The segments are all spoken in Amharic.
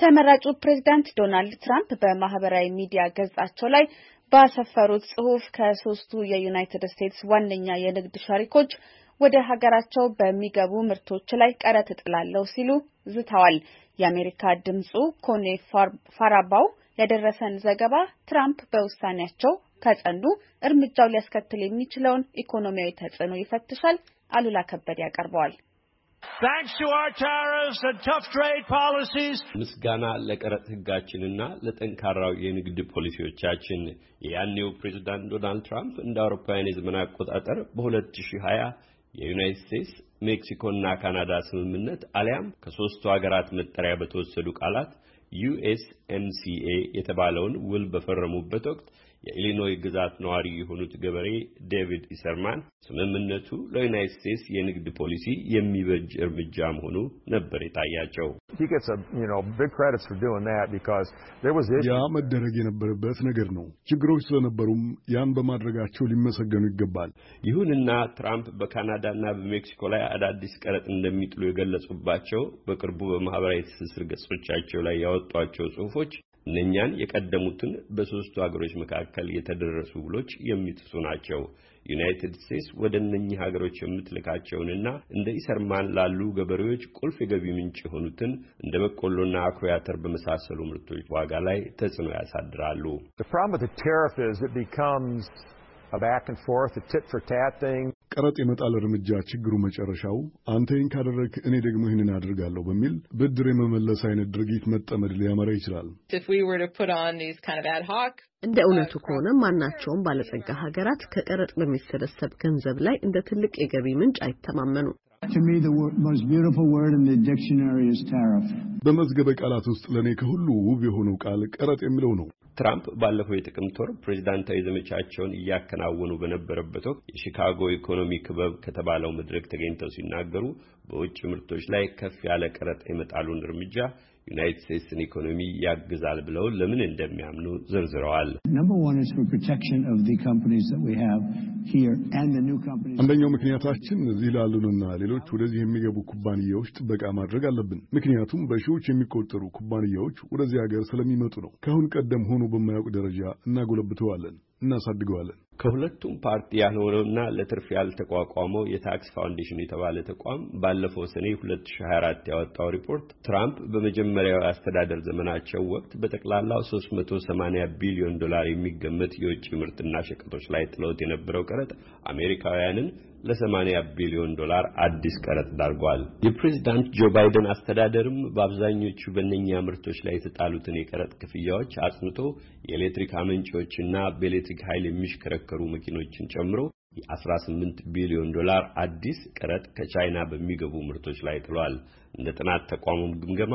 ተመራጩ ፕሬዚዳንት ዶናልድ ትራምፕ በማህበራዊ ሚዲያ ገጻቸው ላይ ባሰፈሩት ጽሑፍ ከሶስቱ የዩናይትድ ስቴትስ ዋነኛ የንግድ ሸሪኮች ወደ ሀገራቸው በሚገቡ ምርቶች ላይ ቀረጥ እጥላለሁ ሲሉ ዝተዋል። የአሜሪካ ድምጹ ኮኔ ፋራባው ያደረሰን ዘገባ ትራምፕ በውሳኔያቸው ከጸኑ እርምጃው ሊያስከትል የሚችለውን ኢኮኖሚያዊ ተጽዕኖ ይፈትሻል። አሉላ ከበድ ያቀርበዋል። ምስጋና ለቀረጥ ህጋችንና ለጠንካራው የንግድ ፖሊሲዎቻችን የያኔው ፕሬዝዳንት ዶናልድ ትራምፕ እንደ አውሮፓውያን የዘመን አቆጣጠር በ2020 የዩናይትድ ስቴትስ ሜክሲኮና ካናዳ ስምምነት አሊያም ከሶስቱ ሀገራት መጠሪያ በተወሰዱ ቃላት ዩኤስኤምሲኤ የተባለውን ውል በፈረሙበት ወቅት የኢሊኖይ ግዛት ነዋሪ የሆኑት ገበሬ ዴቪድ ኢሰርማን ስምምነቱ ለዩናይት ስቴትስ የንግድ ፖሊሲ የሚበጅ እርምጃ መሆኑ ነበር የታያቸው። ያ መደረግ የነበረበት ነገር ነው። ችግሮች ስለነበሩም ያን በማድረጋቸው ሊመሰገኑ ይገባል። ይሁንና ትራምፕ በካናዳና በሜክሲኮ ላይ አዳዲስ ቀረጥ እንደሚጥሉ የገለጹባቸው በቅርቡ በማህበራዊ ትስስር ገጾቻቸው ላይ ያወጧቸው ጽሑፎች እነኛን የቀደሙትን በሦስቱ ሀገሮች መካከል የተደረሱ ውሎች የሚጥሱ ናቸው። ዩናይትድ ስቴትስ ወደ እነኚህ ሀገሮች የምትልካቸውንና እንደ ኢሰርማን ላሉ ገበሬዎች ቁልፍ የገቢ ምንጭ የሆኑትን እንደ በቆሎና አኩሪ አተር በመሳሰሉ ምርቶች ዋጋ ላይ ተጽዕኖ ያሳድራሉ። ቀረጥ የመጣል እርምጃ ችግሩ መጨረሻው አንተ ይህን ካደረግክ እኔ ደግሞ ይህንን አድርጋለሁ በሚል ብድር የመመለስ አይነት ድርጊት መጠመድ ሊያመራ ይችላል። እንደ እውነቱ ከሆነ ማናቸውም ባለጸጋ ሀገራት ከቀረጥ በሚሰበሰብ ገንዘብ ላይ እንደ ትልቅ የገቢ ምንጭ አይተማመኑም። በመዝገበ ቃላት ውስጥ ለእኔ ከሁሉ ውብ የሆነው ቃል ቀረጥ የሚለው ነው። ትራምፕ ባለፈው የጥቅምት ወር ፕሬዚዳንታዊ ዘመቻቸውን እያከናወኑ በነበረበት ወቅት የሺካጎ ኢኮኖሚ ክበብ ከተባለው መድረክ ተገኝተው ሲናገሩ በውጭ ምርቶች ላይ ከፍ ያለ ቀረጥ የመጣሉን እርምጃ ዩናይትድ ስቴትስን ኢኮኖሚ ያግዛል ብለው ለምን እንደሚያምኑ ዘርዝረዋል። አንደኛው ምክንያታችን እዚህ ላሉንና ሌሎች ወደዚህ የሚገቡ ኩባንያዎች ጥበቃ ማድረግ አለብን። ምክንያቱም በሺዎች የሚቆጠሩ ኩባንያዎች ወደዚህ ሀገር ስለሚመጡ ነው። ከአሁን ቀደም ሆኖ በማያውቅ ደረጃ እናጎለብተዋለን፣ እናሳድገዋለን። ከሁለቱም ፓርቲ ያልሆነውና ለትርፍ ያልተቋቋመው የታክስ ፋውንዴሽን የተባለ ተቋም ባለፈው ሰኔ 2024 ያወጣው ሪፖርት ትራምፕ በመጀመሪያው የአስተዳደር ዘመናቸው ወቅት በጠቅላላው 380 ቢሊዮን ዶላር የሚገመት የውጭ ምርትና ሸቀጦች ላይ ጥለውት የነበረው ቀረጥ አሜሪካውያንን ለ80 ቢሊዮን ዶላር አዲስ ቀረጥ ዳርጓል። የፕሬዝዳንት ጆ ባይደን አስተዳደርም በአብዛኞቹ በእነኛ ምርቶች ላይ የተጣሉትን የቀረጥ ክፍያዎች አጽንቶ የኤሌክትሪክ አመንጪዎችና በኤሌክትሪክ ኃይል የሚሽከረከሩ መኪኖችን ጨምሮ የ18 ቢሊዮን ዶላር አዲስ ቀረጥ ከቻይና በሚገቡ ምርቶች ላይ ጥሏል። እንደ ጥናት ተቋሙም ግምገማ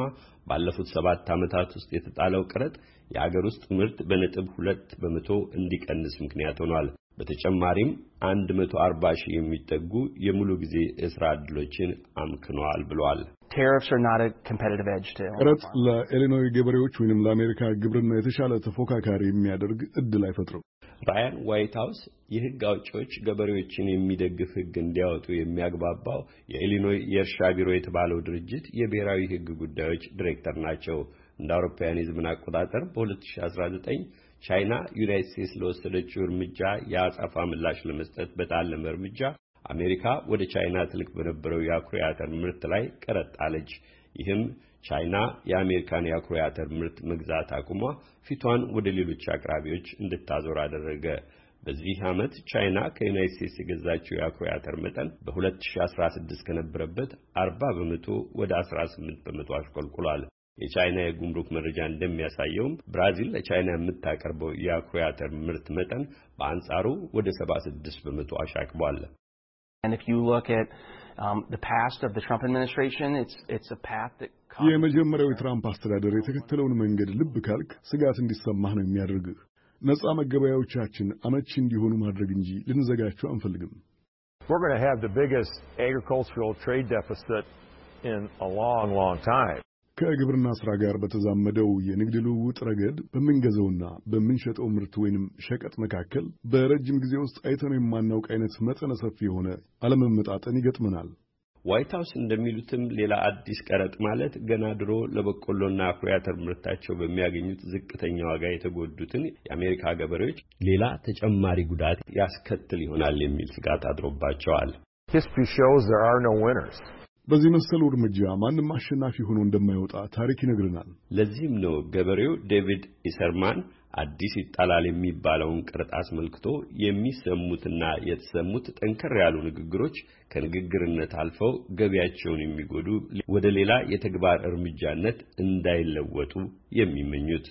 ባለፉት ሰባት ዓመታት ውስጥ የተጣለው ቀረጥ የአገር ውስጥ ምርት በነጥብ ሁለት በመቶ እንዲቀንስ ምክንያት ሆኗል። በተጨማሪም 140 ሺህ የሚጠጉ የሙሉ ጊዜ የስራ ዕድሎችን አምክነዋል ብሏል። ቀረጥ ለኢሊኖይ ገበሬዎች ወይም ለአሜሪካ ግብርና የተሻለ ተፎካካሪ የሚያደርግ እድል አይፈጥርም። ራያን ዋይት ሀውስ የህግ አውጪዎች ገበሬዎችን የሚደግፍ ህግ እንዲያወጡ የሚያግባባው የኢሊኖይ የእርሻ ቢሮ የተባለው ድርጅት የብሔራዊ ህግ ጉዳዮች ዲሬክተር ናቸው። እንደ አውሮፓውያን የዘመን አቆጣጠር በ2019 ቻይና ዩናይትድ ስቴትስ ለወሰደችው እርምጃ የአጸፋ ምላሽ ለመስጠት በታለመ እርምጃ አሜሪካ ወደ ቻይና ትልቅ በነበረው የአኩሪ አተር ምርት ላይ ቀረጥ አለች። ይህም ቻይና የአሜሪካን የአኩሪ አተር ምርት መግዛት አቁሟ ፊቷን ወደ ሌሎች አቅራቢዎች እንድታዞር አደረገ። በዚህ ዓመት ቻይና ከዩናይት ስቴትስ የገዛችው የአኩሪ አተር መጠን በ2016 ከነበረበት 40 በመቶ ወደ 18 በመቶ አሽቆልቁሏል። የቻይና የጉምሩክ መረጃ እንደሚያሳየውም ብራዚል ለቻይና የምታቀርበው የአኩሪ አተር ምርት መጠን በአንጻሩ ወደ 76 በመቶ አሻቅቧል። um, የመጀመሪያው የትራምፕ አስተዳደር የተከተለውን መንገድ ልብ ካልክ ስጋት እንዲሰማህ ነው የሚያደርግህ። ነፃ መገበያዎቻችን አመቺ እንዲሆኑ ማድረግ እንጂ ልንዘጋቸው አንፈልግም። We're going to have the biggest agricultural trade deficit in a long, long time. ከግብርና ስራ ጋር በተዛመደው የንግድ ልውውጥ ረገድ በምንገዛውና በምንሸጠው ምርት ወይንም ሸቀጥ መካከል በረጅም ጊዜ ውስጥ አይተነው የማናውቅ አይነት መጠነ ሰፊ የሆነ አለመመጣጠን ይገጥመናል። ዋይት ሀውስ እንደሚሉትም ሌላ አዲስ ቀረጥ ማለት ገና ድሮ ለበቆሎና አኩሪ አተር ምርታቸው በሚያገኙት ዝቅተኛ ዋጋ የተጎዱትን የአሜሪካ ገበሬዎች ሌላ ተጨማሪ ጉዳት ያስከትል ይሆናል የሚል ስጋት አድሮባቸዋል። History shows there are no winners. በዚህ መሰሉ እርምጃ ማንም አሸናፊ ሆኖ እንደማይወጣ ታሪክ ይነግርናል ለዚህም ነው ገበሬው ዴቪድ ኢሰርማን አዲስ ይጣላል የሚባለውን ቅርጥ አስመልክቶ የሚሰሙትና የተሰሙት ጠንከር ያሉ ንግግሮች ከንግግርነት አልፈው ገቢያቸውን የሚጎዱ ወደ ሌላ የተግባር እርምጃነት እንዳይለወጡ የሚመኙት።